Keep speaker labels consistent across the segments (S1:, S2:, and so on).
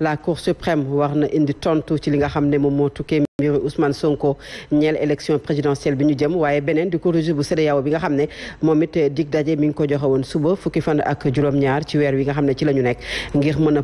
S1: la cour suprême indi ci Ousmane Sonko ñeel élection présidentielle bi ñu jëm waaye benen di ko rejet bu CEDEAO bi nga xamné momit dig dajé mi ngi ko joxe suba fukki fan ak juroom ñaar ci wi nga xamné ci lañu ngir mëna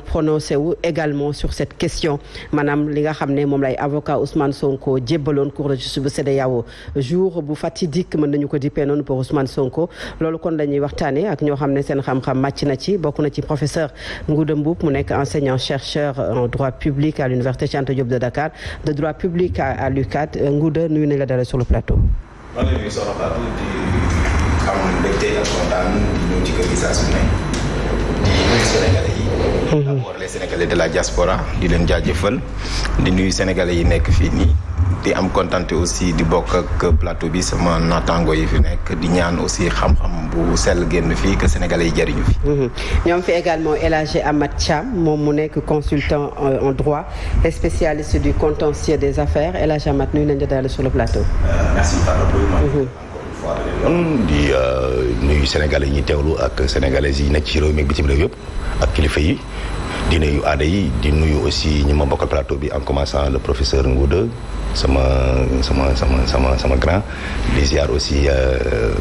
S1: wu également sur cette question manam li nga xamné mom lay avocat Ousmane Sonko jébbaloon cour de justice bu CEDEAO jour bu fatidique mëna ñu ko dipé non pour Ousmane Sonko lolu kon dañuy waxtané ak ño xamné sen xam-xam match na ci bokku na ci professeur Ngouda Mboup mu nek enseignant chercheur en droit public à l'université Cheikh Anta Diop de Dakar de droit public public à, à l'UCAD euh, Ngouda nuyu nañ la dara sur plateau.
S2: di
S3: am mbégte yi. Mhm. d'abord les Sénégalais de la diaspora di leen jaajëfal di nuyu Sénégalais yi nekk fii nii. di am contenté aussi di bokk ak plateau bi sama naataango yi fi nek di ñaan aussi xam-xam bu sel génn fi que sénégalais yi jëriñu fi.
S1: Mhm. ñom fi également Elage Amad Cham Thiam mu nek consultant euh, en droit et spécialiste du contentieux des affaires Elage Amad Amath nuyu nañu sur le plateau. euh, merci papa mhm.
S3: mm, di euh, nuyu sénégalais yi ñuy teewlu ak sénégalaises yi nekk ci réew mi ak bitim réew yëpp ak kilifa yi. diine yu aada yi di nuyu aussi ñi ma bokkal plateau bi en commençant le professeur Ngouda sama sama sama sama sama grand di aussi aussi euh,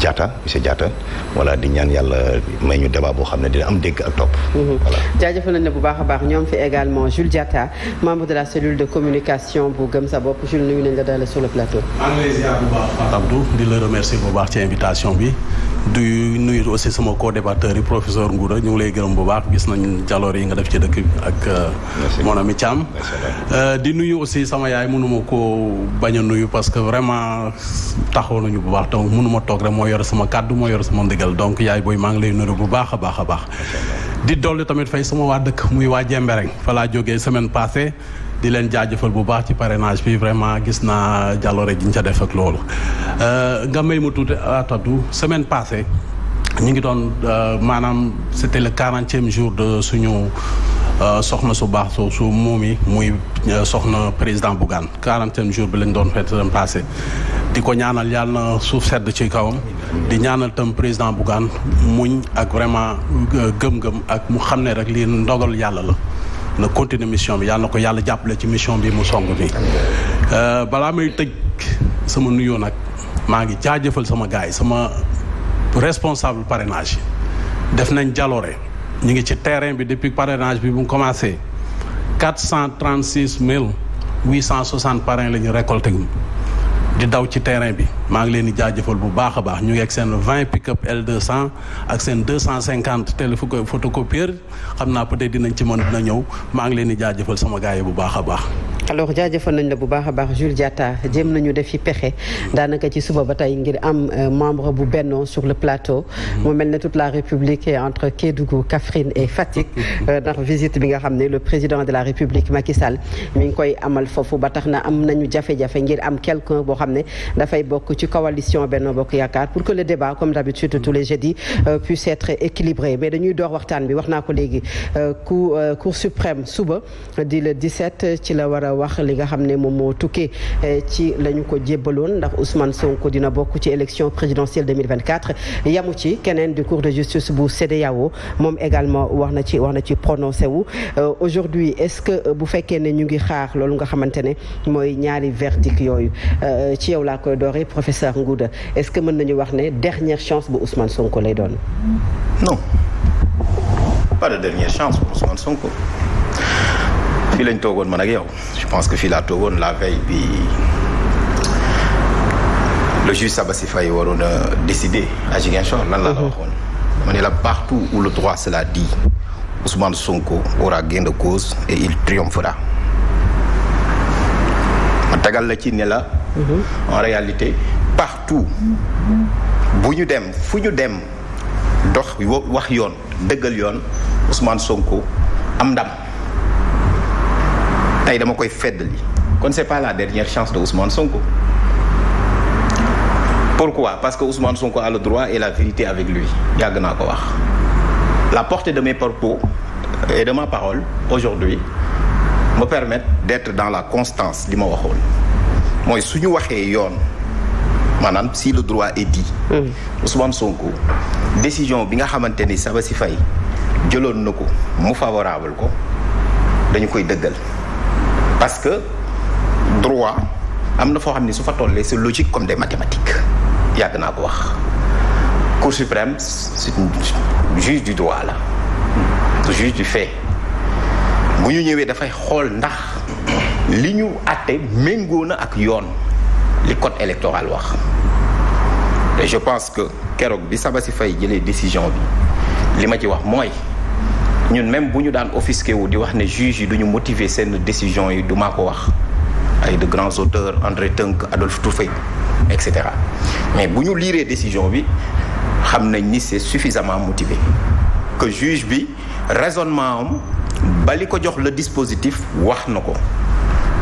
S3: Diatta monsieur Diatta voilà di ñaan yàlla may ñu débat boo xam ne dina am dégg ak topp.
S1: Mhm. voilà jaajëfal nañ ne bu baax a baax ñoom fi également Jules Diatta membre de la cellule de communication bu gëm sax bopp Jules nuyu nañ la daal sur le plateau.
S2: maa ngi lay ziar bu baax Abdou di la remercier bu baax ci invitation bi. du nuyu aussi sama co yi professeur Ngouda ñu ngi lay gërëm bu baax gis nañu jaloor yi nga def ci dëkk bi ak euh, mon ami Thiam euh, di nuyu aussi sama yaay mënuma ko bañ a nuyu parce que vraiment taxaw nañu bu baax donc mënuma toog rek moo yore sama kàddu moo yor sama ndigal donc yaay booy maa ngi lay nuyu bu baax a baax a baax di dolli tamit fay sama waa dëkk muy waa Jembereng fa laa jógee semaine passée di leen jaajëfal bu baax ci parrainage bi vraiment gis naa jàlloore gi ñu ca def ak loolu euh, nga may ma tuuti atadu ah, semaine passée ñu ngi doon euh, maanaam c'était le quarantième jour de suñu euh, soxna su baax soo su su muumi muy soxna président Bougane quarantième jour bi lañ doon fête dem passé di ko ñaanal yàlla na suuf sedd ci kawam di ñaanal tam président Bougane muñ ak vraiment gëm-gëm ak mu xam ne rek lii ndogal yàlla la na continuer mission bi yàlla na ko yàlla jàppale ci mission bi mu song bi euh, balaa may tëj sama nuyoo nag maa ngi jaajëfal sama gars yi sama responsable parenage def nañ jaloore ñu ngi ci terrain bi depuis parenage bi bu mu commencé quatre cent trente six mille huit cent la ñu récolté di daw ci terrain bi maa ngi leen di jaajëfal bu baax a baax ñu ngi ak seen 20 pick-up L200 ak seen 250 télé photocopieur xam naa peut-être dinañ ci mën dina ñëw maa ngi leen di jaajëfal sama gars bu baax a baax.
S1: alors jaajëfal nañ la bu baax a baax Jules Diatta jéem nañu def fi pexe daanaka ci suba ba tey ngir am euh, membre bu Benno sur le plateau. Mhm. mu mel ne toute la République entre Kédougou Kaffrine et Fatick. Euh, ndax visite bi nga xam le président de la République Macky Sall mi ngi koy amal foofu ba tax na am nañu jafe-jafe ngir am quelqu'un boo xam ne dafay bokk ci coalition Benno Bokk Yaakaar pour que le débat comme d'habitude tous les jeudis euh, puisse être équilibré mais dañuy door waxtaan bi wax naa ko léegi cour cour suprême suba di le 17 ci la war wax li nga xamné mom mo tuké eh, ci lañu ko jébbaloon ndax Ousmane Sonko dina bokk ci élection présidentielle 2024 yamu ci kenen du cour de justice bu CEDEAO mom également waxna ci waxna ci prononcé wu euh, aujourd'hui est-ce que euh, bu féké né ñu ngi xaar lolu nga xamanté né moy ñaari verdict yoyu euh, ci yow la koy dooree professeur Ngouda est-ce que mën nañu wax né dernière chance bu Ousmane Sonko lay don non
S3: pas de dernière chance pour Ousmane Sonko fii lañ toogoon man ak je pense que fii la toogoon la veille bi le juge Sabassi Faye a décider à Ziguinchor lan la mhm. waxoon ma la partout où le droit cela dit Ousmane Sonko aura gain de cause et il triomphera mhm. en réalité partout bu ñu dem fu Ousmane Sonko am ndam fait dama koy feddali ne c'est pas la dernière chance de Ousmane Sonko pourquoi parce que Ousmane Sonko a le droit et la vérité avec lui la portée de mes propos euh, et de ma parole aujourd'hui me permettent d'être dans la constance du ma suñu avons dit, si le droit est dit hmm. Ousmane Sonko décision bi nga xamante ça va Faye jëloon ko favorable ko koy parce que droit amna fo xamni su fa tollé c'est logique comme des mathématiques yàgg naa ko wax cour suprême c'est juge du droit Le juge du fait bu ñu da fay xol ndax li ñu àtte méngoo ak yoon li code électoral wax et je pense que kérok bi Sabasy fay jëlé décision bi li ma ci wax moy ñun même buñu daan offisqué wu di wax ne juge yi nous motiver sen décision yi du ko wax ay de grands auteurs André Tunk, Adolphe Toufey etc. mais buñu lire décision bi xamnañ ni c'est suffisamment motivé que juge bi raisonnement am jox le dispositif wax nako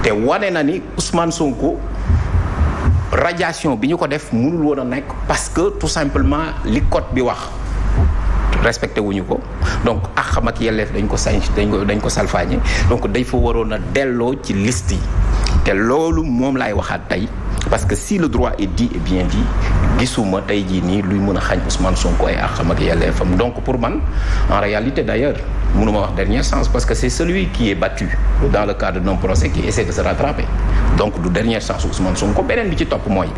S3: té wané na ni Ousmane Sonko radiation biñu ko def mënul wona nek parce que tout simplement li code bi wax respecté wuñu ko donc àqam ak yelleef dañ ko sañ dañ ko dañ ko salfañi donc dañ fa waroon a ci liste yi te loolu moom laay waxaat tey parce que si le droit est dit et bien dit gisuma tay ji ni luy mëna a xañ Ousmane Sonko ay àqam ak yelleefam donc pour man en réalité d'ailleurs mënuma wax dernier sens parce que c'est celui qui est battu dans le cadre d'un procès qui essaie de se rattraper donc du dernier chance Ousmane Sonko benen bi ci top moy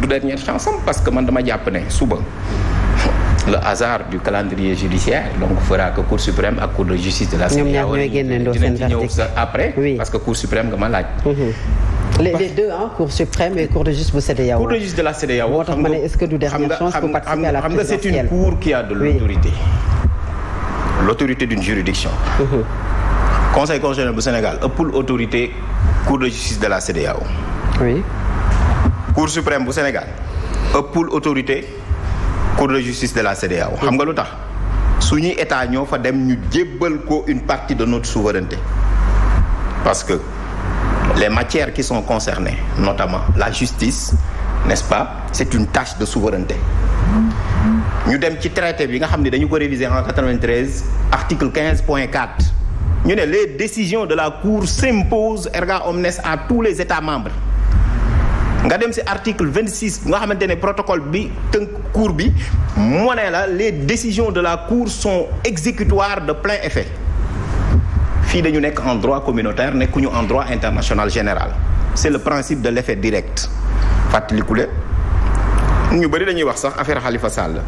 S3: du dernier chance parce que man dama japp né suba le hasard du calendrier judiciaire donc fera que Cour suprême à Cour de justice de la CEDEAO après parce que Cour suprême est malade. Mhm.
S1: les deux hein, Cour suprême et Cour de justice de la CEDEAO. Cour de justice de la CEDEAO. est-ce que nous une chance pour participer à la présidentielle c'est une
S3: cour qui a de l'autorité. l'autorité d'une juridiction. Mhm. conseil constitutionnel du Sénégal pôle autorité Cour de justice de la CEDEAO. oui. Cour suprême du Sénégal pour autorité cour de justice de la CDAO. xam nga nous, Suñu fa dem une partie de notre souveraineté parce que les matières qui sont concernées notamment la justice n'est-ce pas c'est une tâche de souveraineté Nous dem ci traité bi nga xamni en 93 article 15.4. les décisions de la cour s'imposent erga omnes à tous les états membres Regardez dem article 26 Nous nga protocole bi la cour bi les décisions de la cour sont exécutoires de plein effet fi dañu sommes en droit communautaire sommes en droit international général c'est le principe de l'effet direct fàttaliku nous ñu bari dañuy wax sax affaire Khalifa Sall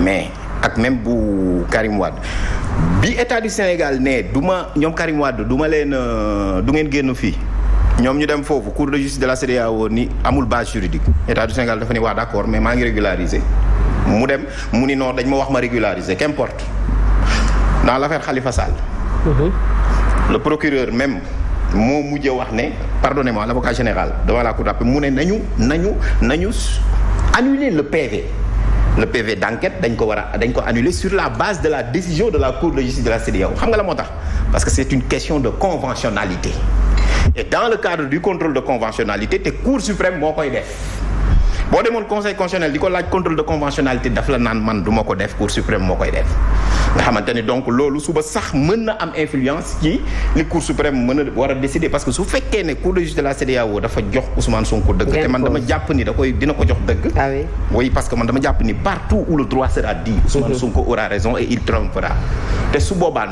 S3: mais ak même bu Karim Wade bi état du Sénégal né duma ñom Karim Wade duma len euh, du ngeen génn ñom ñu dem la cour de justice de la CEDEAO ni amul base juridique état du Sénégal dafa ni wa d'accord mais ils ngi régulariser mu dem mu ni non dañ ma wax régulariser qu'importe dans l'affaire Khalifa Sall mhm. le procureur même moo mujjee wax pardonnez-moi l'avocat général devant la cour d'appel mu né nañu nañu annuler le PV le PV d'enquête dañ ko annuler sur la base de la décision de la cour de justice de la CDA. la parce que c'est une question de conventionnalité et dans le cadre du contrôle de conventionnalité c'est le cour suprême moo koy def Le conseil constitutionnel dit que le contrôle de conventionnalité c'est la du def cour suprême moo donc loolu suba sax meuna am influence ci le cour suprême meuna wara décider parce que su fekkee ne cour de justice de la CEDEAO dafa jox Ousmane Sonko deug té man dama japp ni da koy dina ko jox deug ah oui oui parce que man dama japp ni partout où le droit sera dit Ousmane mhm. Sonko aura raison et il trompera. té su boobaa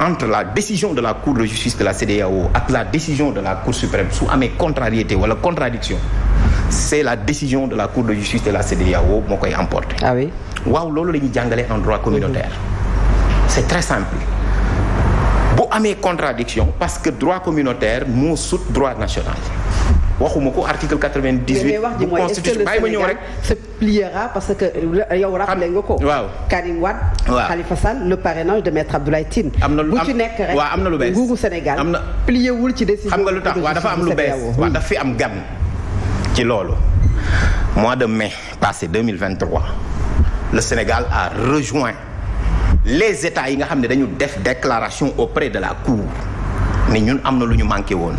S3: entre la décision de la cour de justice de la CEDEAO et la décision de la cour suprême su amé contrariété wala contradiction c'est la décision de la cour de justice de la CEDEAO moo koy emporter ah oui waaw loolu lañu ñuy en droit communautaire c'est très simple bu de contradiction parce que droit communautaire moo sut droit national waxuma ko article 98 du dix huit ma
S1: se pliera parce que yow nga ko Karim le parrainage de maître Abdoulaye Tine am na bu ci nekk rek Sénégal am na wul ci décision xam nga lu tax dafa am lu
S3: mois de mai passé 2023 le Sénégal a rejoint les états ont fait des déclarations déclaration auprès de la cour Mais ñun avons fait lu ñu manqué Nous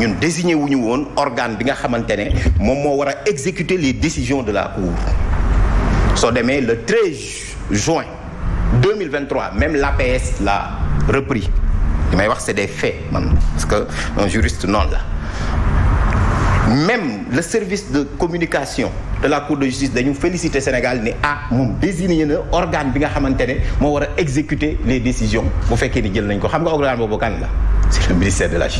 S3: ñun désigné un organe bi exécuter les décisions de la cour le 13 juin 2023 même l'APS l'a repris Mais c'est des faits parce que un juriste non la même le service de communication de la cour de justice de nous féliciter Sénégal mais à mon désigné un organe bi nga exécuter les décisions Vous faites que jël avons ko xam nga organe c'est le ministère de la Chine